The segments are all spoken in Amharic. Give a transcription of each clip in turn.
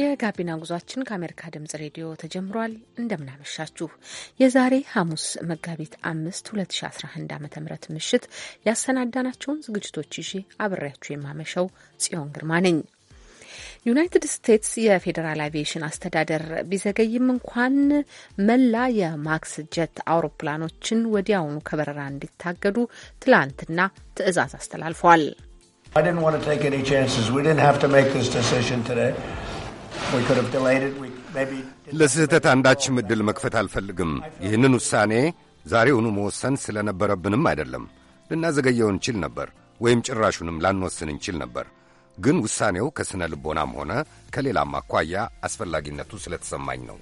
የጋቢና ጉዟችን ከአሜሪካ ድምጽ ሬዲዮ ተጀምሯል። እንደምናመሻችሁ የዛሬ ሐሙስ መጋቢት አምስት 2011 ዓ ም ምሽት ያሰናዳናቸውን ዝግጅቶች ይዤ አብሬያችሁ የማመሸው ጽዮን ግርማ ነኝ። ዩናይትድ ስቴትስ የፌዴራል አቪዬሽን አስተዳደር ቢዘገይም እንኳን መላ የማክስ ጀት አውሮፕላኖችን ወዲያውኑ ከበረራ እንዲታገዱ ትላንትና ትዕዛዝ አስተላልፏል። I didn't want to take any chances. We didn't have to make this decision today. ለስህተት አንዳችም ዕድል መክፈት አልፈልግም። ይህንን ውሳኔ ዛሬውኑ መወሰን ስለነበረብንም አይደለም። ልናዘገየው እንችል ነበር፣ ወይም ጭራሹንም ላንወስን እንችል ነበር። ግን ውሳኔው ከስነ ልቦናም ሆነ ከሌላም አኳያ አስፈላጊነቱ ስለተሰማኝ ነው።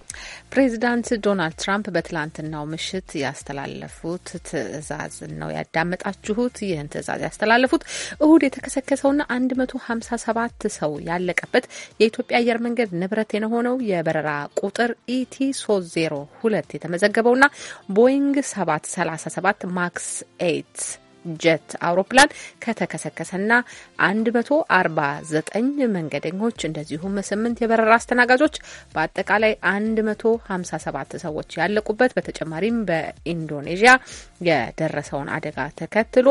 ፕሬዚዳንት ዶናልድ ትራምፕ በትላንትናው ምሽት ያስተላለፉት ትዕዛዝ ነው ያዳመጣችሁት። ይህን ትዕዛዝ ያስተላለፉት እሁድ የተከሰከሰውና 157 ሰው ያለቀበት የኢትዮጵያ አየር መንገድ ንብረት የሆነው የበረራ ቁጥር ኢቲ 302 የተመዘገበውና ቦይንግ 737 ማክስ 8 ጀት አውሮፕላን ከተከሰከሰና 149 መንገደኞች እንደዚሁም 8 የበረራ አስተናጋጆች በአጠቃላይ 157 ሰዎች ያለቁበት በተጨማሪም በኢንዶኔዥያ የደረሰውን አደጋ ተከትሎ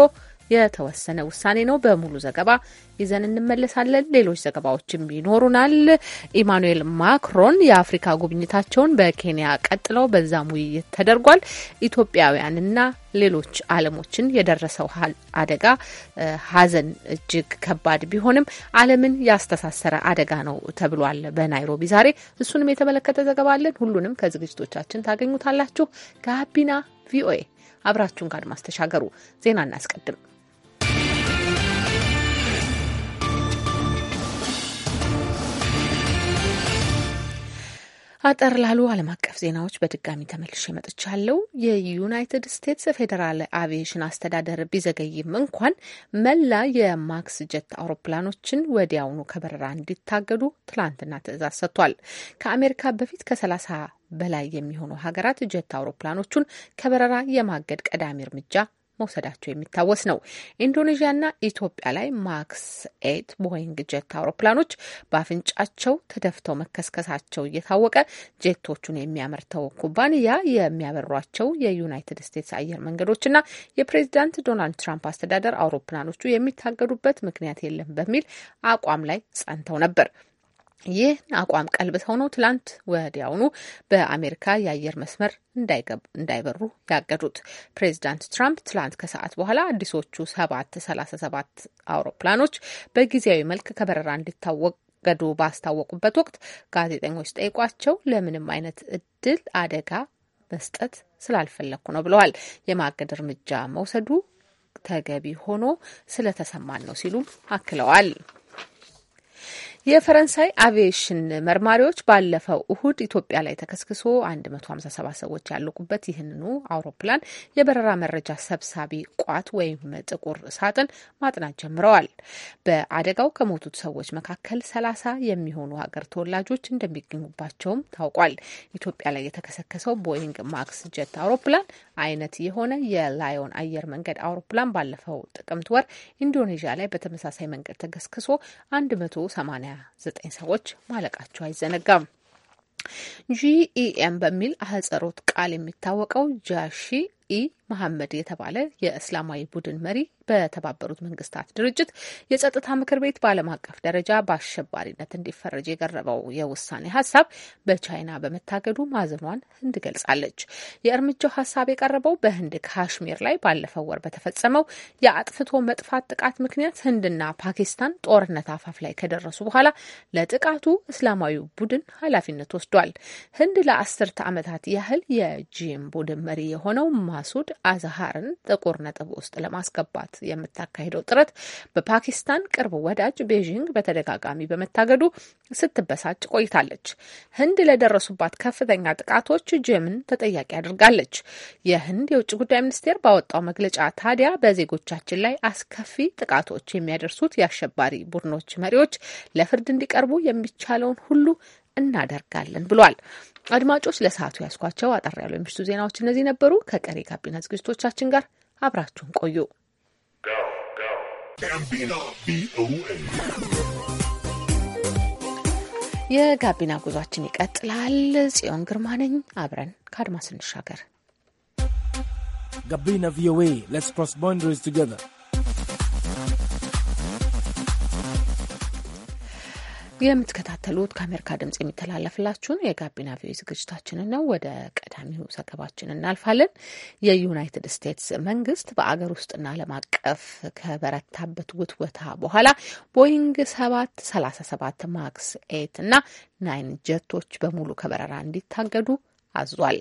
የተወሰነ ውሳኔ ነው። በሙሉ ዘገባ ይዘን እንመለሳለን። ሌሎች ዘገባዎችም ይኖሩናል። ኢማኑኤል ማክሮን የአፍሪካ ጉብኝታቸውን በኬንያ ቀጥለው በዛም ውይይት ተደርጓል። ኢትዮጵያውያንና ሌሎች ዓለሞችን የደረሰው አደጋ ሐዘን እጅግ ከባድ ቢሆንም ዓለምን ያስተሳሰረ አደጋ ነው ተብሏል በናይሮቢ ዛሬ። እሱንም የተመለከተ ዘገባ አለን። ሁሉንም ከዝግጅቶቻችን ታገኙታላችሁ። ጋቢና ቪኦኤ አብራችሁን ከአድማስ ተሻገሩ። ዜና እናስቀድም። አጠር ላሉ ዓለም አቀፍ ዜናዎች በድጋሚ ተመልሼ መጥቻለሁ። የዩናይትድ ስቴትስ ፌዴራል አቪዬሽን አስተዳደር ቢዘገይም እንኳን መላ የማክስ ጀት አውሮፕላኖችን ወዲያውኑ ከበረራ እንዲታገዱ ትላንትና ትዕዛዝ ሰጥቷል። ከአሜሪካ በፊት ከ30 በላይ የሚሆኑ ሀገራት ጀት አውሮፕላኖቹን ከበረራ የማገድ ቀዳሚ እርምጃ መውሰዳቸው የሚታወስ ነው። ኢንዶኔዥያና ኢትዮጵያ ላይ ማክስ ኤት ቦይንግ ጀት አውሮፕላኖች በአፍንጫቸው ተደፍተው መከስከሳቸው እየታወቀ ጄቶቹን የሚያመርተው ኩባንያ የሚያበሯቸው የዩናይትድ ስቴትስ አየር መንገዶችና የፕሬዚዳንት ዶናልድ ትራምፕ አስተዳደር አውሮፕላኖቹ የሚታገዱበት ምክንያት የለም በሚል አቋም ላይ ጸንተው ነበር። ይህን አቋም ቀልብሰው ነው ትላንት ወዲያውኑ በአሜሪካ የአየር መስመር እንዳይበሩ ያገዱት። ፕሬዚዳንት ትራምፕ ትላንት ከሰዓት በኋላ አዲሶቹ ሰባት ሰላሳ ሰባት አውሮፕላኖች በጊዜያዊ መልክ ከበረራ እንዲታወቅ ገዱ ባስታወቁበት ወቅት ጋዜጠኞች ጠይቋቸው ለምንም አይነት እድል አደጋ መስጠት ስላልፈለግኩ ነው ብለዋል። የማገድ እርምጃ መውሰዱ ተገቢ ሆኖ ስለተሰማን ነው ሲሉም አክለዋል። የፈረንሳይ አቪዬሽን መርማሪዎች ባለፈው እሁድ ኢትዮጵያ ላይ ተከስክሶ 157 ሰዎች ያለቁበት ይህንኑ አውሮፕላን የበረራ መረጃ ሰብሳቢ ቋት ወይም ጥቁር ሳጥን ማጥናት ጀምረዋል። በአደጋው ከሞቱት ሰዎች መካከል 30 የሚሆኑ ሀገር ተወላጆች እንደሚገኙባቸውም ታውቋል። ኢትዮጵያ ላይ የተከሰከሰው ቦይንግ ማክስ ጀት አውሮፕላን አይነት የሆነ የላዮን አየር መንገድ አውሮፕላን ባለፈው ጥቅምት ወር ኢንዶኔዥያ ላይ በተመሳሳይ መንገድ ተከስክሶ 180 29 ሰዎች ማለቃቸው አይዘነጋም። ጂኢኤም በሚል አህጸሮት ቃል የሚታወቀው ጃሺ ኢ መሐመድ የተባለ የእስላማዊ ቡድን መሪ በተባበሩት መንግስታት ድርጅት የጸጥታ ምክር ቤት በዓለም አቀፍ ደረጃ በአሸባሪነት እንዲፈረጅ የቀረበው የውሳኔ ሀሳብ በቻይና በመታገዱ ማዘኗን ህንድ ገልጻለች። የእርምጃው ሀሳብ የቀረበው በህንድ ካሽሚር ላይ ባለፈው ወር በተፈጸመው የአጥፍቶ መጥፋት ጥቃት ምክንያት ህንድና ፓኪስታን ጦርነት አፋፍ ላይ ከደረሱ በኋላ ለጥቃቱ እስላማዊ ቡድን ኃላፊነት ወስዷል። ህንድ ለአስርተ ዓመታት ያህል የጂም ቡድን መሪ የሆነው ማሱድ አዛሃርን ጥቁር ነጥብ ውስጥ ለማስገባት የምታካሄደው ጥረት በፓኪስታን ቅርብ ወዳጅ ቤዥንግ በተደጋጋሚ በመታገዱ ስትበሳጭ ቆይታለች። ህንድ ለደረሱባት ከፍተኛ ጥቃቶች ጀምን ተጠያቂ አድርጋለች። የህንድ የውጭ ጉዳይ ሚኒስቴር ባወጣው መግለጫ ታዲያ በዜጎቻችን ላይ አስከፊ ጥቃቶች የሚያደርሱት የአሸባሪ ቡድኖች መሪዎች ለፍርድ እንዲቀርቡ የሚቻለውን ሁሉ እናደርጋለን ብሏል። አድማጮች ለሰዓቱ ያስኳቸው አጠር ያሉ የምሽቱ ዜናዎች እነዚህ ነበሩ። ከቀሪ ጋቢና ዝግጅቶቻችን ጋር አብራችሁን ቆዩ። የጋቢና ጉዟችን ይቀጥላል። ጽዮን ግርማ ነኝ። አብረን ከአድማስ እንሻገር። ጋቢና ቪኦኤ ሌትስ ክሮስ ቦንደሪስ ቱጌዘር የምትከታተሉት ከአሜሪካ ድምጽ የሚተላለፍላችሁን የጋቢና ቪኦኤ ዝግጅታችንን ነው። ወደ ቀዳሚው ዘገባችን እናልፋለን። የዩናይትድ ስቴትስ መንግስት በአገር ውስጥና ዓለም አቀፍ ከበረታበት ውትወታ በኋላ ቦይንግ ሰባት ሰላሳ ሰባት ማክስ ኤት እና ናይን ጀቶች በሙሉ ከበረራ እንዲታገዱ አዟል።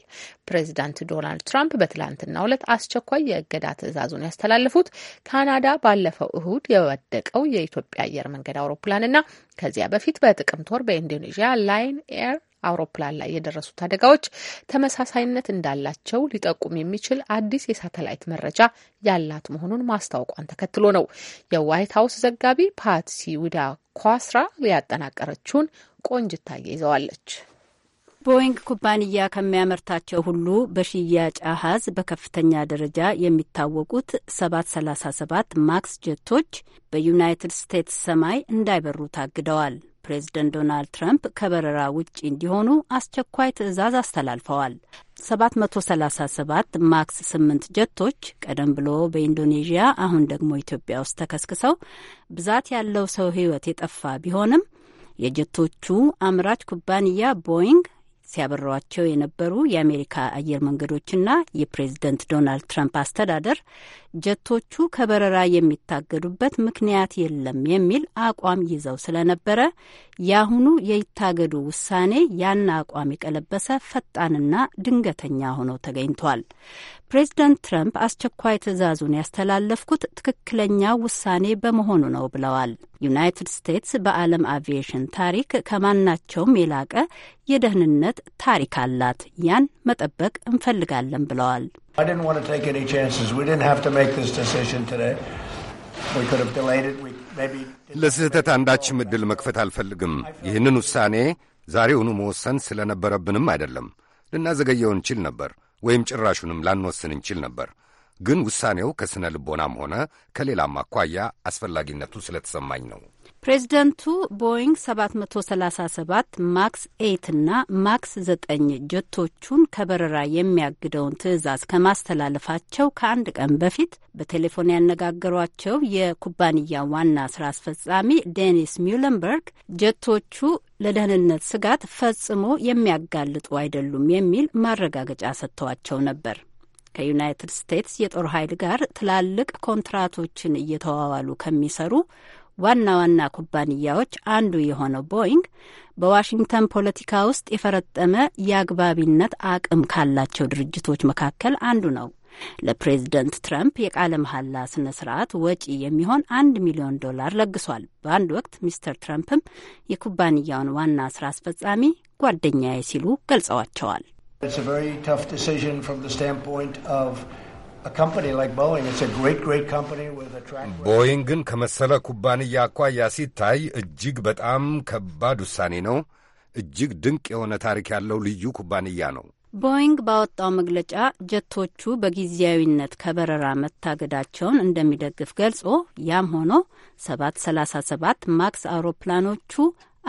ፕሬዚዳንት ዶናልድ ትራምፕ በትላንትናው ዕለት አስቸኳይ የእገዳ ትዕዛዙን ያስተላለፉት ካናዳ ባለፈው እሁድ የወደቀው የኢትዮጵያ አየር መንገድ አውሮፕላንና ከዚያ በፊት በጥቅምት ወር በኢንዶኔዥያ ላይን ኤር አውሮፕላን ላይ የደረሱት አደጋዎች ተመሳሳይነት እንዳላቸው ሊጠቁም የሚችል አዲስ የሳተላይት መረጃ ያላት መሆኑን ማስታወቋን ተከትሎ ነው። የዋይት ሀውስ ዘጋቢ ፓትሲ ዊዳ ኳስራ ሊያጠናቀረችውን ቆንጅታየ ይዘዋለች። ቦይንግ ኩባንያ ከሚያመርታቸው ሁሉ በሽያጭ አሀዝ በከፍተኛ ደረጃ የሚታወቁት 737 ማክስ ጀቶች በዩናይትድ ስቴትስ ሰማይ እንዳይበሩ ታግደዋል። ፕሬዚደንት ዶናልድ ትራምፕ ከበረራ ውጪ እንዲሆኑ አስቸኳይ ትዕዛዝ አስተላልፈዋል። 737 ማክስ 8 ጀቶች ቀደም ብሎ በኢንዶኔዥያ አሁን ደግሞ ኢትዮጵያ ውስጥ ተከስክሰው ብዛት ያለው ሰው ሕይወት የጠፋ ቢሆንም የጀቶቹ አምራች ኩባንያ ቦይንግ ሲያበሯቸው የነበሩ የአሜሪካ አየር መንገዶችና የፕሬዝደንት ዶናልድ ትራምፕ አስተዳደር ጀቶቹ ከበረራ የሚታገዱበት ምክንያት የለም የሚል አቋም ይዘው ስለነበረ የአሁኑ የይታገዱ ውሳኔ ያን አቋም የቀለበሰ ፈጣንና ድንገተኛ ሆኖ ተገኝቷል። ፕሬዚደንት ትረምፕ አስቸኳይ ትዕዛዙን ያስተላለፍኩት ትክክለኛ ውሳኔ በመሆኑ ነው ብለዋል። ዩናይትድ ስቴትስ በዓለም አቪዬሽን ታሪክ ከማናቸውም የላቀ የደህንነት ታሪክ አላት። ያን መጠበቅ እንፈልጋለን ብለዋል። ለስህተት አንዳችም ዕድል መክፈት አልፈልግም። ይህንን ውሳኔ ዛሬውኑ መወሰን ስለነበረብንም አይደለም፣ ልናዘገየው እንችል ነበር ወይም ጭራሹንም ላንወስን እንችል ነበር። ግን ውሳኔው ከሥነ ልቦናም ሆነ ከሌላም አኳያ አስፈላጊነቱ ስለተሰማኝ ነው። ፕሬዚደንቱ ቦይንግ 737 ማክስ 8 እና ማክስ 9 ጀቶቹን ከበረራ የሚያግደውን ትዕዛዝ ከማስተላለፋቸው ከአንድ ቀን በፊት በቴሌፎን ያነጋገሯቸው የኩባንያ ዋና ስራ አስፈጻሚ ዴኒስ ሚውለንበርግ ጀቶቹ ለደህንነት ስጋት ፈጽሞ የሚያጋልጡ አይደሉም የሚል ማረጋገጫ ሰጥተዋቸው ነበር። ከዩናይትድ ስቴትስ የጦር ኃይል ጋር ትላልቅ ኮንትራቶችን እየተዋዋሉ ከሚሰሩ ዋና ዋና ኩባንያዎች አንዱ የሆነው ቦይንግ በዋሽንግተን ፖለቲካ ውስጥ የፈረጠመ የአግባቢነት አቅም ካላቸው ድርጅቶች መካከል አንዱ ነው። ለፕሬዝደንት ትራምፕ የቃለ መሐላ ስነ ስርዓት ወጪ የሚሆን አንድ ሚሊዮን ዶላር ለግሷል። በአንድ ወቅት ሚስተር ትራምፕም የኩባንያውን ዋና ስራ አስፈጻሚ ጓደኛዬ ሲሉ ገልጸዋቸዋል። ቦይንግን ከመሰለ ኩባንያ አኳያ ሲታይ እጅግ በጣም ከባድ ውሳኔ ነው። እጅግ ድንቅ የሆነ ታሪክ ያለው ልዩ ኩባንያ ነው። ቦይንግ ባወጣው መግለጫ ጀቶቹ በጊዜያዊነት ከበረራ መታገዳቸውን እንደሚደግፍ ገልጾ ያም ሆኖ 737 ማክስ አውሮፕላኖቹ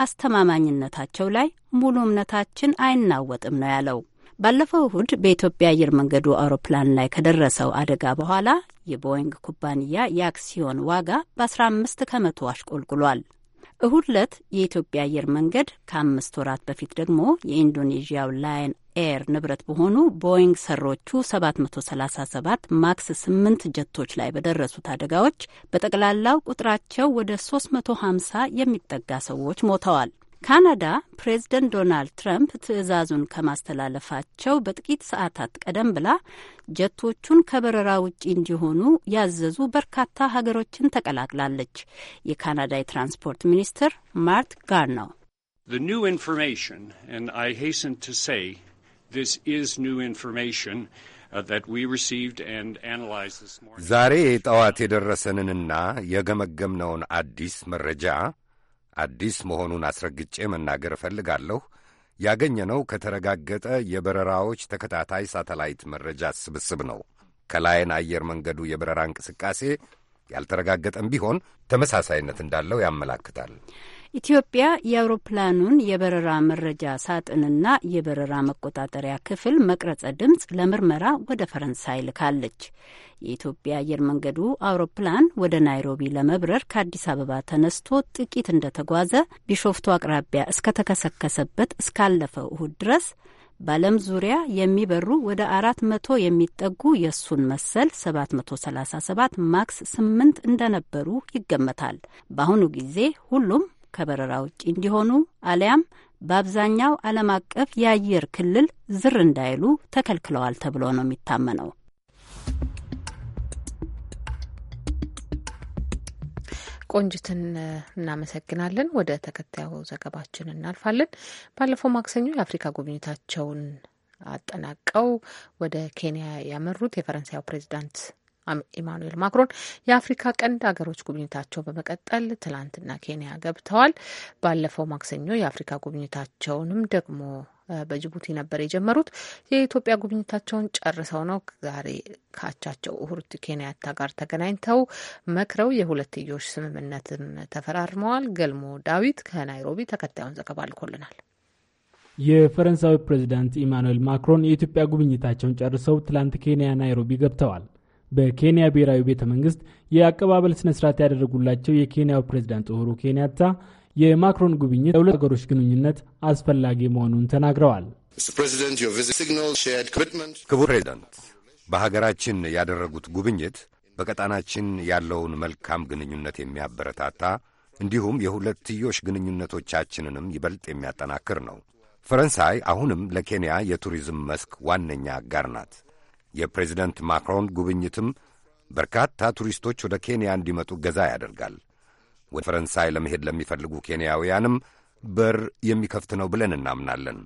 አስተማማኝነታቸው ላይ ሙሉ እምነታችን አይናወጥም ነው ያለው። ባለፈው እሁድ በኢትዮጵያ አየር መንገዱ አውሮፕላን ላይ ከደረሰው አደጋ በኋላ የቦይንግ ኩባንያ የአክሲዮን ዋጋ በ15 ከመቶ አሽቆልቁሏል። እሁድ ዕለት የኢትዮጵያ አየር መንገድ ከአምስት ወራት በፊት ደግሞ የኢንዶኔዥያው ላይን ኤር ንብረት በሆኑ ቦይንግ ሰሮቹ 737 ማክስ 8 ጀቶች ላይ በደረሱት አደጋዎች በጠቅላላው ቁጥራቸው ወደ 350 የሚጠጋ ሰዎች ሞተዋል። ካናዳ ፕሬዝደንት ዶናልድ ትራምፕ ትዕዛዙን ከማስተላለፋቸው በጥቂት ሰዓታት ቀደም ብላ ጀቶቹን ከበረራ ውጪ እንዲሆኑ ያዘዙ በርካታ ሀገሮችን ተቀላቅላለች። የካናዳ የትራንስፖርት ሚኒስትር ማርት ጋር ነው uh, ዛሬ ጠዋት የደረሰንንና የገመገምነውን አዲስ መረጃ አዲስ መሆኑን አስረግጬ መናገር እፈልጋለሁ ያገኘነው ከተረጋገጠ የበረራዎች ተከታታይ ሳተላይት መረጃ ስብስብ ነው። ከላይን አየር መንገዱ የበረራ እንቅስቃሴ ያልተረጋገጠም ቢሆን ተመሳሳይነት እንዳለው ያመላክታል። ኢትዮጵያ የአውሮፕላኑን የበረራ መረጃ ሳጥንና የበረራ መቆጣጠሪያ ክፍል መቅረጸ ድምፅ ለምርመራ ወደ ፈረንሳይ ልካለች። የኢትዮጵያ አየር መንገዱ አውሮፕላን ወደ ናይሮቢ ለመብረር ከአዲስ አበባ ተነስቶ ጥቂት እንደተጓዘ ቢሾፍቱ አቅራቢያ እስከተከሰከሰበት እስካለፈው እሁድ ድረስ በዓለም ዙሪያ የሚበሩ ወደ አራት መቶ የሚጠጉ የእሱን መሰል 737 ማክስ ስምንት እንደነበሩ ይገመታል። በአሁኑ ጊዜ ሁሉም ከበረራ ውጭ እንዲሆኑ አሊያም በአብዛኛው ዓለም አቀፍ የአየር ክልል ዝር እንዳይሉ ተከልክለዋል ተብሎ ነው የሚታመነው። ቆንጅትን እናመሰግናለን። ወደ ተከታዩ ዘገባችን እናልፋለን። ባለፈው ማክሰኞ የአፍሪካ ጉብኝታቸውን አጠናቀው ወደ ኬንያ ያመሩት የፈረንሳዩ ፕሬዚዳንት ኢማኑኤል ማክሮን የአፍሪካ ቀንድ ሀገሮች ጉብኝታቸው በመቀጠል ትላንትና ኬንያ ገብተዋል። ባለፈው ማክሰኞ የአፍሪካ ጉብኝታቸውንም ደግሞ በጅቡቲ ነበር የጀመሩት። የኢትዮጵያ ጉብኝታቸውን ጨርሰው ነው ዛሬ ካቻቸው እሁርት ኬንያታ ጋር ተገናኝተው መክረው የሁለትዮሽ ስምምነትም ተፈራርመዋል። ገልሞ ዳዊት ከናይሮቢ ተከታዩን ዘገባ ልኮልናል። የፈረንሳዊ ፕሬዚዳንት ኢማኑኤል ማክሮን የኢትዮጵያ ጉብኝታቸውን ጨርሰው ትላንት ኬንያ ናይሮቢ ገብተዋል። በኬንያ ብሔራዊ ቤተ መንግስት የአቀባበል ስነ ስርዓት ያደረጉላቸው የኬንያው ፕሬዝዳንት ኡሁሩ ኬንያታ የማክሮን ጉብኝት ለሁለት ሀገሮች ግንኙነት አስፈላጊ መሆኑን ተናግረዋል። ክቡር ፕሬዚዳንት፣ በሀገራችን ያደረጉት ጉብኝት በቀጣናችን ያለውን መልካም ግንኙነት የሚያበረታታ እንዲሁም የሁለትዮሽ ግንኙነቶቻችንንም ይበልጥ የሚያጠናክር ነው። ፈረንሳይ አሁንም ለኬንያ የቱሪዝም መስክ ዋነኛ አጋር ናት። የፕሬዚደንት ማክሮን ጉብኝትም በርካታ ቱሪስቶች ወደ ኬንያ እንዲመጡ ገዛ ያደርጋል። ወደ ፈረንሳይ ለመሄድ ለሚፈልጉ ኬንያውያንም በር የሚከፍት ነው ብለን እናምናለን።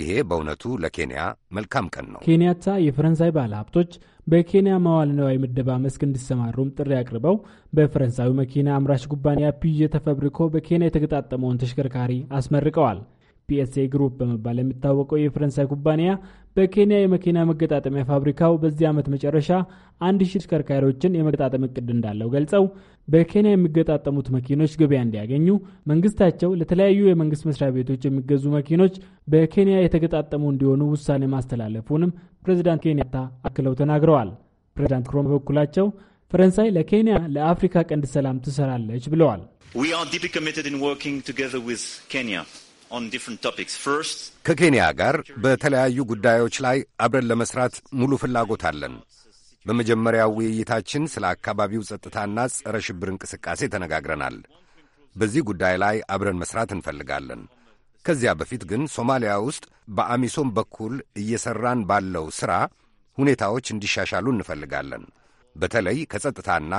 ይሄ በእውነቱ ለኬንያ መልካም ቀን ነው። ኬንያታ የፈረንሳይ ባለ ሀብቶች በኬንያ መዋለ ንዋይ ምደባ መስክ እንዲሰማሩም ጥሪ አቅርበው በፈረንሳዩ መኪና አምራች ኩባንያ ፒዤ ተፈብሪኮ በኬንያ የተገጣጠመውን ተሽከርካሪ አስመርቀዋል። ፒኤስኤ ግሩፕ በመባል የሚታወቀው የፈረንሳይ ኩባንያ በኬንያ የመኪና መገጣጠሚያ ፋብሪካው በዚህ ዓመት መጨረሻ አንድ ሺህ ተሽከርካሪዎችን የመገጣጠም እቅድ እንዳለው ገልጸው በኬንያ የሚገጣጠሙት መኪኖች ገበያ እንዲያገኙ መንግስታቸው ለተለያዩ የመንግስት መስሪያ ቤቶች የሚገዙ መኪኖች በኬንያ የተገጣጠሙ እንዲሆኑ ውሳኔ ማስተላለፉንም ፕሬዚዳንት ኬንያታ አክለው ተናግረዋል። ፕሬዚዳንት ክሮም በበኩላቸው ፈረንሳይ ለኬንያ ለአፍሪካ ቀንድ ሰላም ትሰራለች ብለዋል። ከኬንያ ጋር በተለያዩ ጉዳዮች ላይ አብረን ለመስራት ሙሉ ፍላጎት አለን። በመጀመሪያው ውይይታችን ስለ አካባቢው ጸጥታና ጸረ ሽብር እንቅስቃሴ ተነጋግረናል። በዚህ ጉዳይ ላይ አብረን መስራት እንፈልጋለን። ከዚያ በፊት ግን ሶማሊያ ውስጥ በአሚሶም በኩል እየሠራን ባለው ሥራ ሁኔታዎች እንዲሻሻሉ እንፈልጋለን። በተለይ ከጸጥታና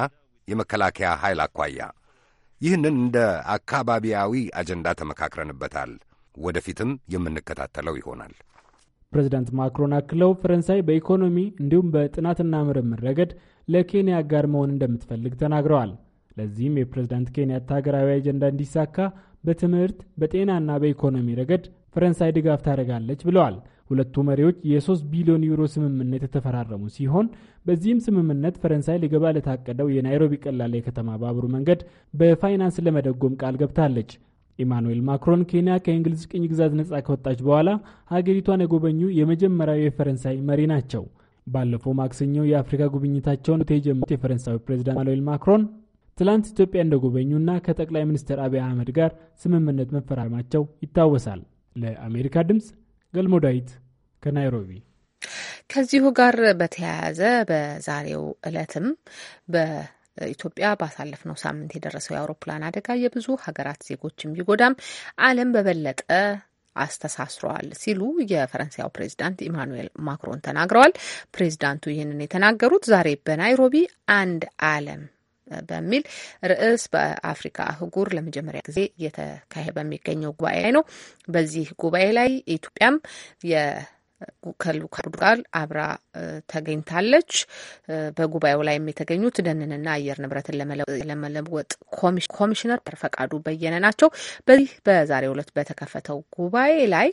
የመከላከያ ኃይል አኳያ ይህንን እንደ አካባቢያዊ አጀንዳ ተመካክረንበታል። ወደፊትም የምንከታተለው ይሆናል። ፕሬዚዳንት ማክሮን አክለው ፈረንሳይ በኢኮኖሚ እንዲሁም በጥናትና ምርምር ረገድ ለኬንያ አጋር መሆን እንደምትፈልግ ተናግረዋል። ለዚህም የፕሬዚዳንት ኬንያታ ሀገራዊ አጀንዳ እንዲሳካ በትምህርት በጤናና በኢኮኖሚ ረገድ ፈረንሳይ ድጋፍ ታደርጋለች ብለዋል። ሁለቱ መሪዎች የሶስት ቢሊዮን ዩሮ ስምምነት የተፈራረሙ ሲሆን በዚህም ስምምነት ፈረንሳይ ሊገባ ለታቀደው የናይሮቢ ቀላል የከተማ ባቡር መንገድ በፋይናንስ ለመደጎም ቃል ገብታለች። ኢማኑኤል ማክሮን ኬንያ ከእንግሊዝ ቅኝ ግዛት ነፃ ከወጣች በኋላ ሀገሪቷን የጎበኙ የመጀመሪያው የፈረንሳይ መሪ ናቸው። ባለፈው ማክሰኞ የአፍሪካ ጉብኝታቸውን የጀመሩት የፈረንሳዊ ፕሬዚዳንት ኢማኑኤል ማክሮን ትላንት ኢትዮጵያ እንደጎበኙና ከጠቅላይ ሚኒስትር አብይ አህመድ ጋር ስምምነት መፈራረማቸው ይታወሳል። ለአሜሪካ ድምፅ ገልሞ ዳዊት ከናይሮቢ ከዚሁ ጋር በተያያዘ በዛሬው ዕለትም በኢትዮጵያ ባሳለፍነው ሳምንት የደረሰው የአውሮፕላን አደጋ የብዙ ሀገራት ዜጎችን ቢጎዳም ዓለም በበለጠ አስተሳስረዋል ሲሉ የፈረንሳያው ፕሬዚዳንት ኢማኑኤል ማክሮን ተናግረዋል። ፕሬዚዳንቱ ይህንን የተናገሩት ዛሬ በናይሮቢ አንድ ዓለም በሚል ርዕስ በአፍሪካ አህጉር ለመጀመሪያ ጊዜ እየተካሄደ በሚገኘው ጉባኤ ላይ ነው። በዚህ ጉባኤ ላይ ኢትዮጵያም ከልዑካን ጋር አብራ ተገኝታለች። በጉባኤው ላይም የተገኙት ደንንና አየር ንብረትን ለመለወጥ ኮሚሽነር ፈቃዱ በየነ ናቸው። በዚህ በዛሬው ዕለት በተከፈተው ጉባኤ ላይ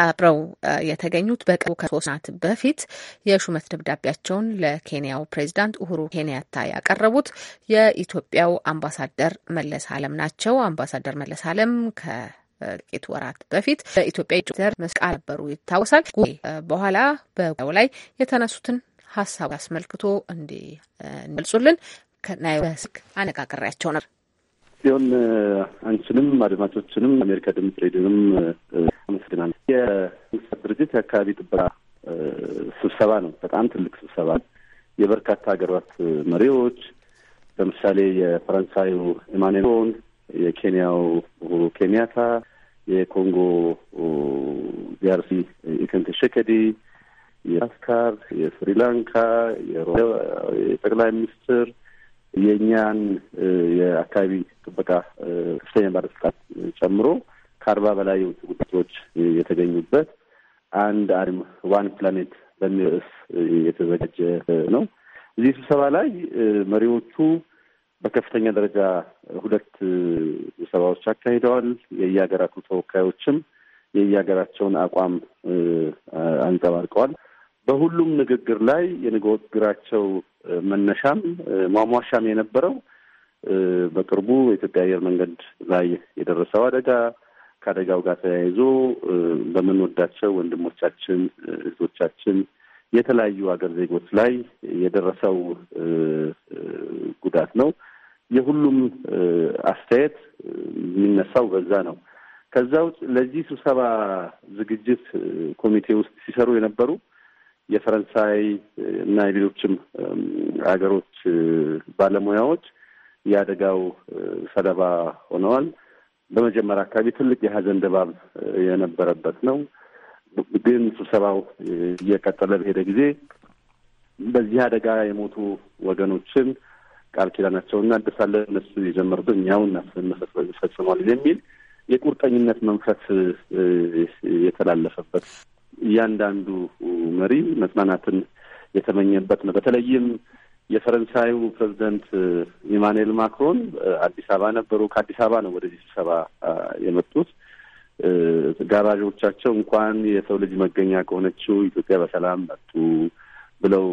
አብረው የተገኙት በቅርቡ ከሶስት ናት በፊት የሹመት ደብዳቤያቸውን ለኬንያው ፕሬዚዳንት ኡሁሩ ኬንያታ ያቀረቡት የኢትዮጵያው አምባሳደር መለስ አለም ናቸው። አምባሳደር መለስ አለም ከ ጥቂት ወራት በፊት በኢትዮጵያ ጀር መስቃ ነበሩ ይታወሳል። በኋላ በጉዳዩ ላይ የተነሱትን ሀሳብ አስመልክቶ እንዲገልጹልን ከናይሮቢ በስልክ አነጋግሬያቸው ነበር። ሲሆን አንቺንም አድማጮችንም አሜሪካ ድምጽ ሬዲዮንም አመሰግናለሁ። የመንግስታት ድርጅት የአካባቢ ጥበቃ ስብሰባ ነው። በጣም ትልቅ ስብሰባ የበርካታ ሀገራት መሪዎች ለምሳሌ የፈረንሳዩ ኢማኑኤል የኬንያው ኡሁሩ ኬንያታ፣ የኮንጎ ዲአርሲ ኢትንት ሸከዲ፣ የአስካር የስሪላንካ የጠቅላይ ሚኒስትር የእኛን የአካባቢ ጥበቃ ከፍተኛ ባለስልጣን ጨምሮ ከአርባ በላይ የውጭ ጉዳዮች የተገኙበት አንድ ዓለም ዋን ፕላኔት በሚል ርዕስ የተዘጋጀ ነው። እዚህ ስብሰባ ላይ መሪዎቹ በከፍተኛ ደረጃ ሁለት ስብሰባዎች አካሂደዋል። የየሀገራቱ ተወካዮችም የየሀገራቸውን አቋም አንጸባርቀዋል። በሁሉም ንግግር ላይ የንግግራቸው መነሻም ሟሟሻም የነበረው በቅርቡ በኢትዮጵያ አየር መንገድ ላይ የደረሰው አደጋ ከአደጋው ጋር ተያይዞ በምንወዳቸው ወንድሞቻችን፣ እህቶቻችን የተለያዩ ሀገር ዜጎች ላይ የደረሰው ጉዳት ነው። የሁሉም አስተያየት የሚነሳው በዛ ነው። ከዛ ውጭ ለዚህ ስብሰባ ዝግጅት ኮሚቴ ውስጥ ሲሰሩ የነበሩ የፈረንሳይ እና የሌሎችም ሀገሮች ባለሙያዎች የአደጋው ሰለባ ሆነዋል። በመጀመሪያ አካባቢ ትልቅ የሀዘን ድባብ የነበረበት ነው። ግን ስብሰባው እየቀጠለ በሄደ ጊዜ በዚህ አደጋ የሞቱ ወገኖችን ቃል ኪዳናቸውን እናድሳለን፣ እነሱ የጀመሩትን እኛው እናስፈጽማለን የሚል የቁርጠኝነት መንፈስ የተላለፈበት እያንዳንዱ መሪ መጽናናትን የተመኘበት ነው። በተለይም የፈረንሳዩ ፕሬዚደንት ኢማኑኤል ማክሮን አዲስ አበባ ነበሩ። ከአዲስ አበባ ነው ወደዚህ ስብሰባ የመጡት። ጋራዦቻቸው እንኳን የሰው ልጅ መገኛ ከሆነችው ኢትዮጵያ በሰላም መጡ ብለው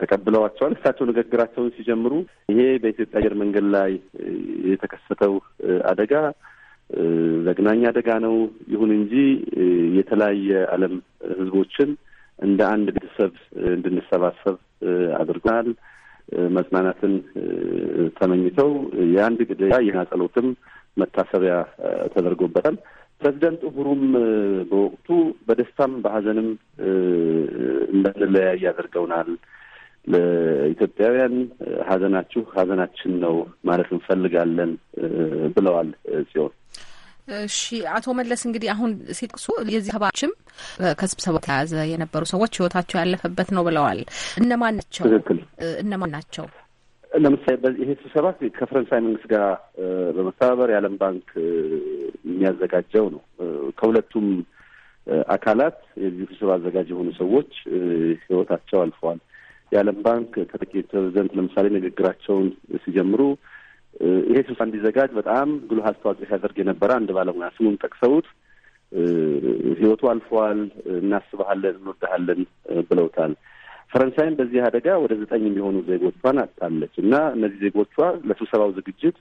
ተቀብለዋቸዋል። እሳቸው ንግግራቸውን ሲጀምሩ ይሄ በኢትዮጵያ አየር መንገድ ላይ የተከሰተው አደጋ ዘግናኝ አደጋ ነው። ይሁን እንጂ የተለያየ ዓለም ህዝቦችን እንደ አንድ ቤተሰብ እንድንሰባሰብ አድርጓል መጽናናትን ተመኝተው የአንድ የና ጸሎትም መታሰቢያ ተደርጎበታል። ፕሬዚደንት እሁሩም በወቅቱ በደስታም በሀዘንም እንዳንለያይ ያደርገውናል። ለኢትዮጵያውያን ሀዘናችሁ ሀዘናችን ነው ማለት እንፈልጋለን ብለዋል ጽዮን። እሺ አቶ መለስ እንግዲህ አሁን ሲጥቅሱ የዚህ ሰባችም ከስብሰባ ተያያዘ የነበሩ ሰዎች ህይወታቸው ያለፈበት ነው ብለዋል። እነማን ናቸው? እነማን ናቸው? ለምሳሌ ይሄ ስብሰባ ከፈረንሳይ መንግስት ጋር በመተባበር የዓለም ባንክ የሚያዘጋጀው ነው። ከሁለቱም አካላት የዚህ ስብሰባ አዘጋጅ የሆኑ ሰዎች ህይወታቸው አልፈዋል። የዓለም ባንክ ከጥቂት ፕሬዚደንት ለምሳሌ ንግግራቸውን ሲጀምሩ ይሄ ስብሰባ እንዲዘጋጅ በጣም ጉልህ አስተዋጽኦ ሲያደርግ የነበረ አንድ ባለሙያ ስሙን ጠቅሰውት ህይወቱ አልፈዋል፣ እናስበሃለን፣ እንወድሃለን ብለውታል። ፈረንሳይም በዚህ አደጋ ወደ ዘጠኝ የሚሆኑ ዜጎቿን አጣለች እና እነዚህ ዜጎቿ ለስብሰባው ዝግጅት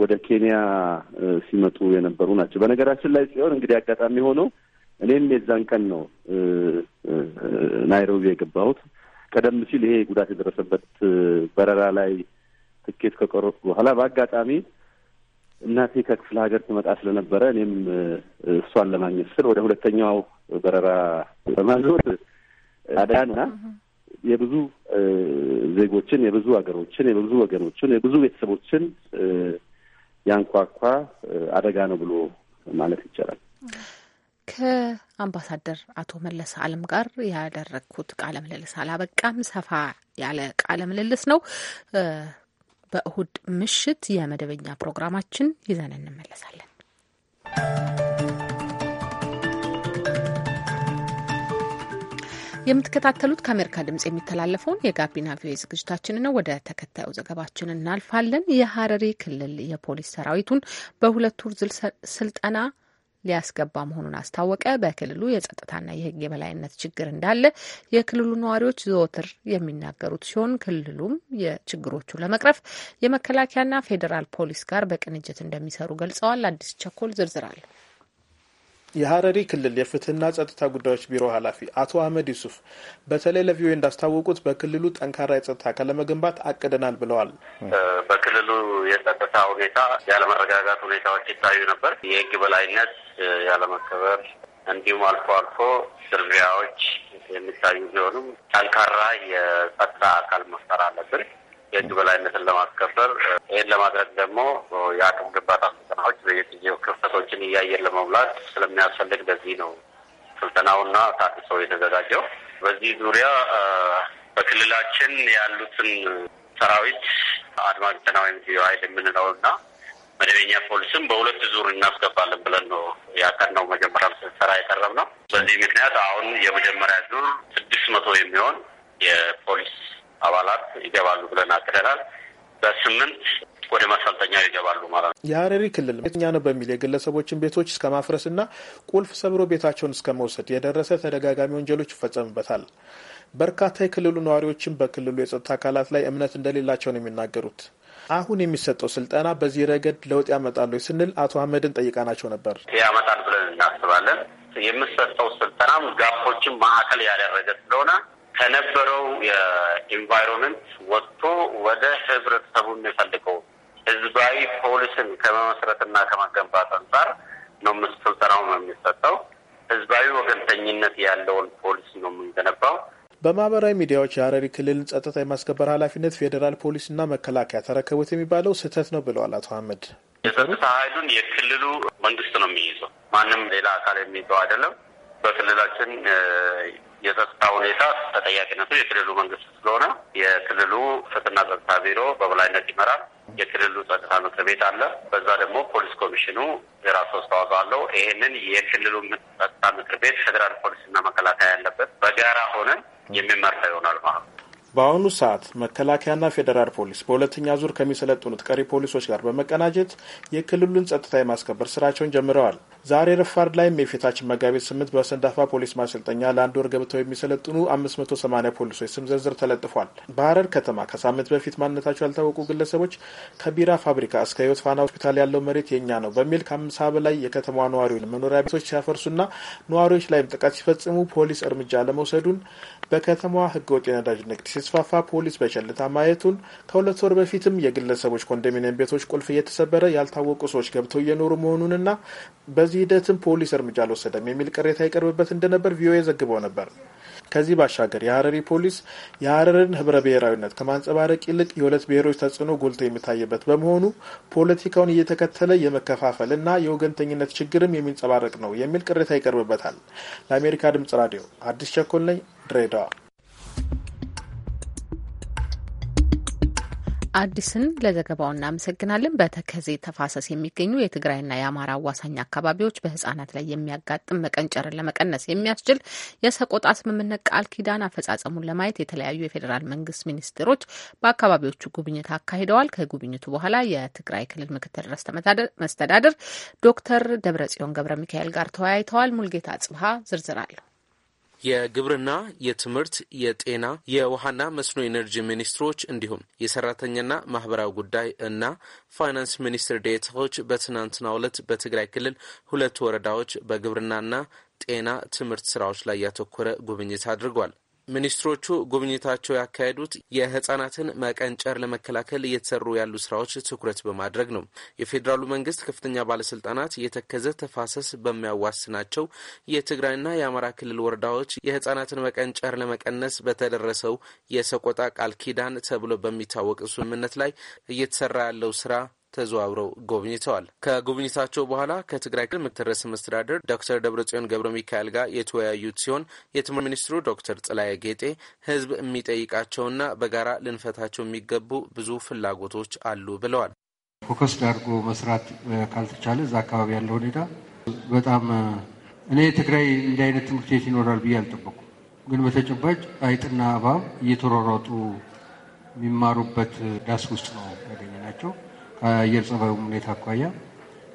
ወደ ኬንያ ሲመጡ የነበሩ ናቸው። በነገራችን ላይ ሲሆን እንግዲህ አጋጣሚ ሆኖ እኔም የዛን ቀን ነው ናይሮቢ የገባሁት። ቀደም ሲል ይሄ ጉዳት የደረሰበት በረራ ላይ ትኬት ከቆረጥኩ በኋላ በአጋጣሚ እናቴ ከክፍለ ሀገር ትመጣ ስለነበረ እኔም እሷን ለማግኘት ስል ወደ ሁለተኛው በረራ በማዞር አደጋና የብዙ ዜጎችን የብዙ ሀገሮችን የብዙ ወገኖችን የብዙ ቤተሰቦችን ያንኳኳ አደጋ ነው ብሎ ማለት ይቻላል። ከአምባሳደር አቶ መለስ አለም ጋር ያደረግኩት ቃለ ምልልስ አላበቃም። ሰፋ ያለ ቃለ ምልልስ ነው። በእሁድ ምሽት የመደበኛ ፕሮግራማችን ይዘን እንመለሳለን። የምትከታተሉት ከአሜሪካ ድምጽ የሚተላለፈውን የጋቢና ቪኦኤ ዝግጅታችን ነው። ወደ ተከታዩ ዘገባችን እናልፋለን። የሀረሪ ክልል የፖሊስ ሰራዊቱን በሁለት ወር ስልጠና ሊያስገባ መሆኑን አስታወቀ። በክልሉ የጸጥታና የሕግ የበላይነት ችግር እንዳለ የክልሉ ነዋሪዎች ዘወትር የሚናገሩት ሲሆን ክልሉም የችግሮቹ ለመቅረፍ የመከላከያና ፌዴራል ፖሊስ ጋር በቅንጅት እንደሚሰሩ ገልጸዋል። አዲስ ቸኮል ዝርዝር አለው። የሀረሪ ክልል የፍትህና ጸጥታ ጉዳዮች ቢሮ ኃላፊ አቶ አህመድ ዩሱፍ በተለይ ለቪኦኤ እንዳስታወቁት በክልሉ ጠንካራ የጸጥታ ከለመገንባት አቅደናል ብለዋል። በክልሉ የጸጥታ ሁኔታ ያለመረጋጋት ሁኔታዎች ይታዩ ነበር። የህግ በላይነት ያለመከበር፣ እንዲሁም አልፎ አልፎ ዝርፊያዎች የሚታዩ ቢሆኑም ጠንካራ የጸጥታ አካል መፍጠር አለብን። የህግ በላይነትን ለማስከበር ይህን ለማድረግ ደግሞ የአቅም ግንባታ ስልጠናዎች በየጊዜው ክፍተቶችን እያየን ለመሙላት ስለሚያስፈልግ በዚህ ነው ስልጠናውና ታድሶ የተዘጋጀው። በዚህ ዙሪያ በክልላችን ያሉትን ሰራዊት አድማ ብተና ወይም ልዩ ኃይል የምንለውና መደበኛ ፖሊስም በሁለት ዙር እናስገባለን ብለን ነው ነው መጀመሪያ ስንሰራ የቀረብ ነው። በዚህ ምክንያት አሁን የመጀመሪያ ዙር ስድስት መቶ የሚሆን የፖሊስ አባላት ይገባሉ ብለን አቅደናል። በስምንት ወደ ማሰልጠኛ ይገባሉ ማለት ነው። የሀረሪ ክልል ቤተኛ ነው በሚል የግለሰቦችን ቤቶች እስከ ማፍረስና ቁልፍ ሰብሮ ቤታቸውን እስከ መውሰድ የደረሰ ተደጋጋሚ ወንጀሎች ይፈጸምበታል። በርካታ የክልሉ ነዋሪዎችም በክልሉ የጸጥታ አካላት ላይ እምነት እንደሌላቸው ነው የሚናገሩት። አሁን የሚሰጠው ስልጠና በዚህ ረገድ ለውጥ ያመጣሉ ስንል አቶ አህመድን ጠይቃናቸው ነበር። ያመጣል ብለን እናስባለን። የምሰጠው ስልጠናም ጋፎችን ማዕከል ያደረገ ስለሆነ ከነበረው የኢንቫይሮንመንት ወጥቶ ወደ ህብረተሰቡ የሚፈልገው ህዝባዊ ፖሊስን ከመመስረትና ከመገንባት አንጻር ነው ስልጠናው ነው የሚሰጠው። ህዝባዊ ወገንተኝነት ያለውን ፖሊስ ነው የምንገነባው። በማህበራዊ ሚዲያዎች የሀረሪ ክልል ጸጥታ የማስከበር ኃላፊነት ፌዴራል ፖሊስና መከላከያ ተረከቡት የሚባለው ስህተት ነው ብለዋል አቶ አህመድ። የጸጥታ ኃይሉን የክልሉ መንግስት ነው የሚይዘው፣ ማንም ሌላ አካል የሚይዘው አይደለም። በክልላችን የጸጥታ ሁኔታ ተጠያቂነቱ የክልሉ መንግስት ስለሆነ የክልሉ ፍትና ጸጥታ ቢሮ በበላይነት ይመራል። የክልሉ ጸጥታ ምክር ቤት አለ። በዛ ደግሞ ፖሊስ ኮሚሽኑ የራሱ አስተዋጽኦ አለው። ይሄንን የክልሉ ጸጥታ ምክር ቤት ፌዴራል ፖሊስና መከላከያ ያለበት በጋራ ሆነን የሚመራ ይሆናል ማለት ነው። በአሁኑ ሰዓት መከላከያና ፌዴራል ፖሊስ በሁለተኛ ዙር ከሚሰለጥኑት ቀሪ ፖሊሶች ጋር በመቀናጀት የክልሉን ጸጥታ የማስከበር ስራቸውን ጀምረዋል። ዛሬ ረፋድ ላይም የፊታችን መጋቢት ስምንት በሰንዳፋ ፖሊስ ማሰልጠኛ ለአንድ ወር ገብተው የሚሰለጥኑ አምስት መቶ ሰማኒያ ፖሊሶች ስም ዝርዝር ተለጥፏል። በሀረር ከተማ ከሳምንት በፊት ማንነታቸው ያልታወቁ ግለሰቦች ከቢራ ፋብሪካ እስከ ህይወት ፋና ሆስፒታል ያለው መሬት የኛ ነው በሚል ከአምሳ በላይ የከተማዋ ነዋሪውን መኖሪያ ቤቶች ሲያፈርሱና ነዋሪዎች ላይም ጥቃት ሲፈጽሙ ፖሊስ እርምጃ ለመውሰዱን በከተማዋ ህገወጥ የነዳጅ ንግድ ሲስፋፋ ፖሊስ በቸልታ ማየቱን፣ ከሁለት ወር በፊትም የግለሰቦች ኮንዶሚኒየም ቤቶች ቁልፍ እየተሰበረ ያልታወቁ ሰዎች ገብተው እየኖሩ መሆኑንና በዚህ ሂደትም ፖሊስ እርምጃ አልወሰደም የሚል ቅሬታ ይቀርብበት እንደነበር ቪኦኤ ዘግበው ነበር። ከዚህ ባሻገር የሀረሪ ፖሊስ የሀረርን ህብረ ብሔራዊነት ከማንጸባረቅ ይልቅ የሁለት ብሔሮች ተጽዕኖ ጎልቶ የሚታይበት በመሆኑ ፖለቲካውን እየተከተለ የመከፋፈል እና የወገንተኝነት ችግርም የሚንጸባረቅ ነው የሚል ቅሬታ ይቀርብበታል። ለአሜሪካ ድምጽ ራዲዮ አዲስ ቸኮል ነኝ፣ ድሬዳዋ አዲስን ለዘገባው እናመሰግናለን። በተከዜ ተፋሰስ የሚገኙ የትግራይና የአማራ አዋሳኝ አካባቢዎች በህጻናት ላይ የሚያጋጥም መቀንጨርን ለመቀነስ የሚያስችል የሰቆጣ ስምምነት ቃል ኪዳን አፈጻጸሙን ለማየት የተለያዩ የፌዴራል መንግስት ሚኒስትሮች በአካባቢዎቹ ጉብኝት አካሂደዋል። ከጉብኝቱ በኋላ የትግራይ ክልል ምክትል ርዕሰ መስተዳድር ዶክተር ደብረጽዮን ገብረ ሚካኤል ጋር ተወያይተዋል። ሙልጌታ ጽብሀ ዝርዝር አለሁ የግብርና፣ የትምህርት፣ የጤና፣ የውሃና መስኖ ኢነርጂ ሚኒስትሮች እንዲሁም የሰራተኛና ማህበራዊ ጉዳይ እና ፋይናንስ ሚኒስትር ዴታዎች በትናንትናው ዕለት በትግራይ ክልል ሁለት ወረዳዎች በግብርናና ጤና፣ ትምህርት ስራዎች ላይ ያተኮረ ጉብኝት አድርጓል። ሚኒስትሮቹ ጉብኝታቸው ያካሄዱት የህጻናትን መቀንጨር ለመከላከል እየተሰሩ ያሉ ስራዎች ትኩረት በማድረግ ነው። የፌዴራሉ መንግስት ከፍተኛ ባለስልጣናት የተከዘ ተፋሰስ በሚያዋስናቸው የትግራይና የአማራ ክልል ወረዳዎች የህጻናትን መቀንጨር ለመቀነስ በተደረሰው የሰቆጣ ቃል ኪዳን ተብሎ በሚታወቅ ስምምነት ላይ እየተሰራ ያለው ስራ ተዘዋውረው ጎብኝተዋል። ከጉብኝታቸው በኋላ ከትግራይ ክልል ምክትል ርዕሰ መስተዳደር ዶክተር ደብረጽዮን ገብረ ሚካኤል ጋር የተወያዩት ሲሆን የትምህርት ሚኒስትሩ ዶክተር ጥላዬ ጌጤ ህዝብ የሚጠይቃቸውና በጋራ ልንፈታቸው የሚገቡ ብዙ ፍላጎቶች አሉ ብለዋል። ፎከስ ዳርጎ መስራት ካልተቻለ እዛ አካባቢ ያለው ሁኔታ በጣም እኔ ትግራይ እንዲህ አይነት ትምህርት ቤት ይኖራል ብዬ አልጠበቁ፣ ግን በተጨባጭ አይጥና እባብ እየተሯሯጡ የሚማሩበት ዳስ ውስጥ ነው ያገኘናቸው። ከአየር ጸባዩ ሁኔታ አኳያ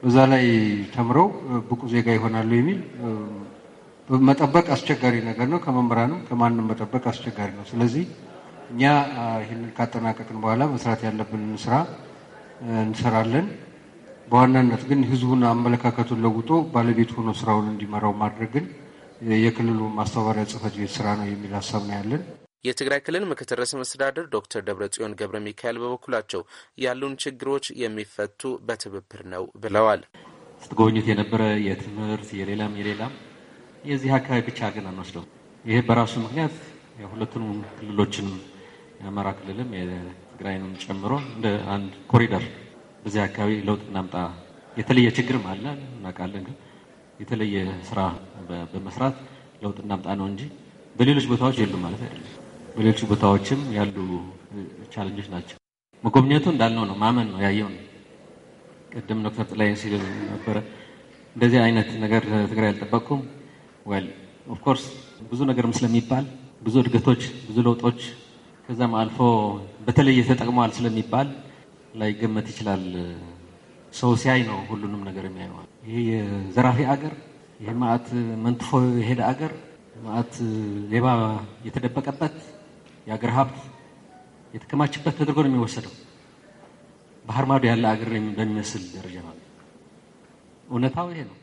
በዛ ላይ ተምረው ብቁ ዜጋ ይሆናሉ የሚል መጠበቅ አስቸጋሪ ነገር ነው። ከመምህራንም ከማንም መጠበቅ አስቸጋሪ ነው። ስለዚህ እኛ ይህንን ካጠናቀቅን በኋላ መስራት ያለብንን ስራ እንሰራለን። በዋናነት ግን ህዝቡን አመለካከቱን ለውጦ ባለቤት ሆኖ ስራውን እንዲመራው ማድረግን የክልሉ ማስተባበሪያ ጽህፈት ቤት ስራ ነው የሚል ሀሳብ ነው ያለን። የትግራይ ክልል ምክትል ርዕሰ መስተዳደር ዶክተር ደብረጽዮን ገብረ ሚካኤል በበኩላቸው ያሉን ችግሮች የሚፈቱ በትብብር ነው ብለዋል። ስትጎበኙት የነበረ የትምህርት የሌላም የሌላም የዚህ አካባቢ ብቻ ግን አንወስደው። ይህ በራሱ ምክንያት የሁለቱንም ክልሎችን የአማራ ክልልም የትግራይንም ጨምሮ እንደ አንድ ኮሪደር በዚህ አካባቢ ለውጥ እናምጣ። የተለየ ችግርም አለ እናውቃለን፣ ግን የተለየ ስራ በመስራት ለውጥ እናምጣ ነው እንጂ በሌሎች ቦታዎች የሉም ማለት አይደለም። በሌሎች ቦታዎችም ያሉ ቻለንጆች ናቸው። መጎብኘቱ እንዳልነው ነው፣ ማመን ነው፣ ያየው ነው። ቅድም ዶክተር ጥላይን ሲል ነበረ እንደዚህ አይነት ነገር ትግራይ አልጠበቅኩም። ዌል ኦፍኮርስ ብዙ ነገርም ስለሚባል ብዙ እድገቶች፣ ብዙ ለውጦች ከዛም አልፎ በተለየ ተጠቅመዋል ስለሚባል ላይገመት ይችላል። ሰው ሲያይ ነው ሁሉንም ነገር የሚያየዋል። ይሄ የዘራፊ አገር፣ ይህ ማአት መንትፎ የሄደ አገር፣ ማአት ሌባ የተደበቀበት የአገር ሀብት የተከማችበት ተደርጎ ነው የሚወሰደው። ባህር ማዶ ያለ አገር በሚመስል ደረጃ ማለት እውነታው ይሄ ነው።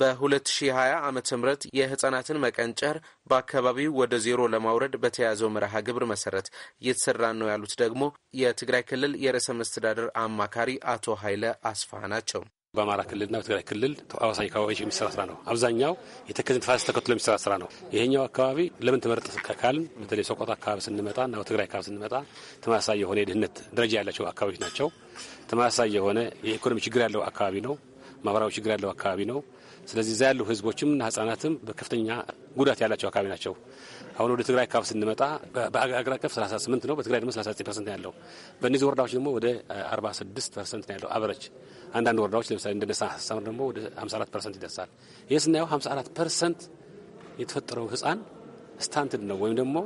በ2020 ዓመተ ምህረት የህጻናትን መቀንጨር በአካባቢው ወደ ዜሮ ለማውረድ በተያዘው መርሃ ግብር መሰረት እየተሰራ ነው ያሉት ደግሞ የትግራይ ክልል የርዕሰ መስተዳደር አማካሪ አቶ ኃይለ አስፋ ናቸው። በአማራ ክልልና በትግራይ ክልል አዋሳኝ አካባቢዎች የሚሰራ ስራ ነው። አብዛኛው የተከዜ ንፋስ ተከትሎ የሚሰራ ስራ ነው። ይሄኛው አካባቢ ለምን ትመርጥ ከካልን በተለይ ሰቆጣ አካባቢ ስንመጣ እና በትግራይ አካባቢ ስንመጣ ተመሳሳይ የሆነ የድህነት ደረጃ ያላቸው አካባቢዎች ናቸው። ተመሳሳይ የሆነ የኢኮኖሚ ችግር ያለው አካባቢ ነው። ማህበራዊ ችግር ያለው አካባቢ ነው። ስለዚህ እዛ ያሉ ህዝቦችምና ህጻናትም በከፍተኛ ጉዳት ያላቸው አካባቢ ናቸው። አሁን ወደ ትግራይ አካባቢ ስንመጣ በሀገር አቀፍ 38 ነው፣ በትግራይ ደግሞ 39 ፐርሰንት ያለው በእነዚህ ወረዳዎች ደግሞ ወደ 46 ፐርሰንት ያለው አበረች። አንዳንድ ወረዳዎች ለምሳሌ እንደ ሳምር ደግሞ ወደ 54 ፐርሰንት ይደርሳል። ይህ ስናየው 54 ፐርሰንት የተፈጠረው ህጻን ስታንትድ ነው ወይም ደግሞ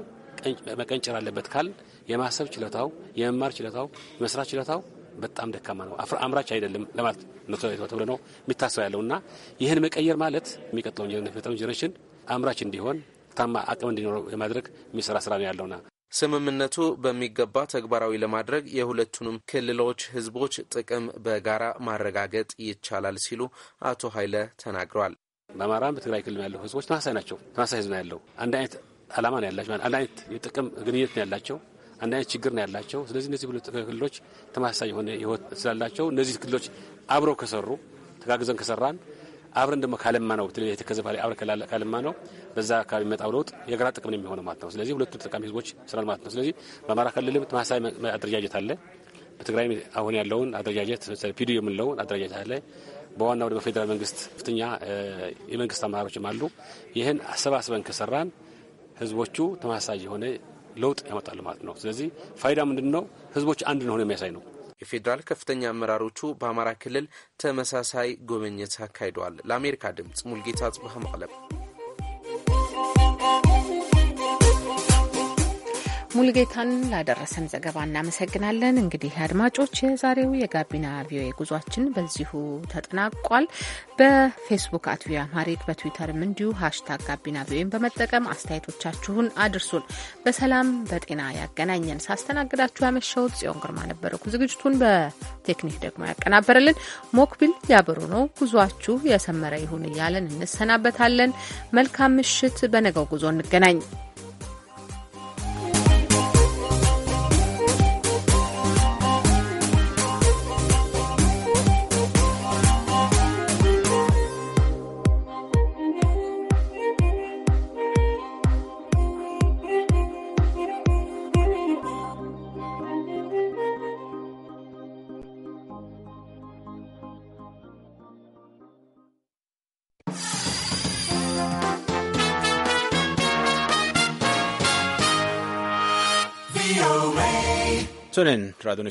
መቀንጨር አለበት ካል የማሰብ ችለታው፣ የመማር ችለታው፣ የመስራት ችለታው በጣም ደካማ ነው፣ አምራች አይደለም ለማለት ነው ተብሎ ነው የሚታሰብ ያለው እና ይህን መቀየር ማለት የሚቀጥለውን ጀኔሬሽን አምራች እንዲሆን ታማ አቅም እንዲኖረው የማድረግ የሚሰራ ስራ ነው ያለውና ስምምነቱ በሚገባ ተግባራዊ ለማድረግ የሁለቱንም ክልሎች ህዝቦች ጥቅም በጋራ ማረጋገጥ ይቻላል ሲሉ አቶ ኃይለ ተናግረዋል። በአማራም በትግራይ ክልል ያለው ህዝቦች ተመሳሳይ ናቸው። ተመሳሳይ ህዝብ ነው ያለው። አንድ አይነት አላማ ነው ያላቸው። አንድ አይነት የጥቅም ግንኙነት ነው ያላቸው። አንድ አይነት ችግር ነው ያላቸው። ስለዚህ እነዚህ ክልሎች ተመሳሳይ የሆነ ህይወት ስላላቸው እነዚህ ክልሎች አብረው ከሰሩ ተጋግዘን ከሰራን አብረን ደግሞ ካለማ ነው በተለይ የተከዘ ባህል አብረን ካለማ ነው በዛ አካባቢ የሚመጣው ለውጥ የጋራ ጥቅም የሚሆነው ማለት ነው። ስለዚህ ሁለቱ ተጠቃሚ ህዝቦች ስራል ማለት ነው። ስለዚህ በአማራ ክልልም ተመሳሳይ አደረጃጀት አለ። በትግራይ አሁን ያለውን አደረጃጀት ፒዲ የምንለውን አደረጃጀት አለ። በዋናው ደግሞ ፌዴራል መንግስት ከፍተኛ የመንግስት አመራሮችም አሉ። ይህን አሰባስበን ከሰራን ህዝቦቹ ተመሳሳይ የሆነ ለውጥ ያመጣል ማለት ነው። ስለዚህ ፋይዳ ምንድን ነው? ህዝቦች አንድ እንደሆነ የሚያሳይ ነው። የፌዴራል ከፍተኛ አመራሮቹ በአማራ ክልል ተመሳሳይ ጉብኝት አካሂደዋል። ለአሜሪካ ድምፅ ሙልጌታ ጽብሃ መቀለም ሙልጌታን ላደረሰን ዘገባ እናመሰግናለን። እንግዲህ አድማጮች የዛሬው የጋቢና ቪኦኤ ጉዟችን በዚሁ ተጠናቋል። በፌስቡክ አት ቪኦኤ አማሪክ በትዊተርም እንዲሁ ሀሽታግ ጋቢና ቪኦኤን በመጠቀም አስተያየቶቻችሁን አድርሱን። በሰላም በጤና ያገናኘን። ሳስተናግዳችሁ ያመሸውት ጽዮን ግርማ ነበርኩ። ዝግጅቱን በቴክኒክ ደግሞ ያቀናበረልን ሞክቢል ያበሩ ነው። ጉዟችሁ የሰመረ ይሁን እያለን እንሰናበታለን። መልካም ምሽት። በነገው ጉዞ እንገናኝ። Esto en Radio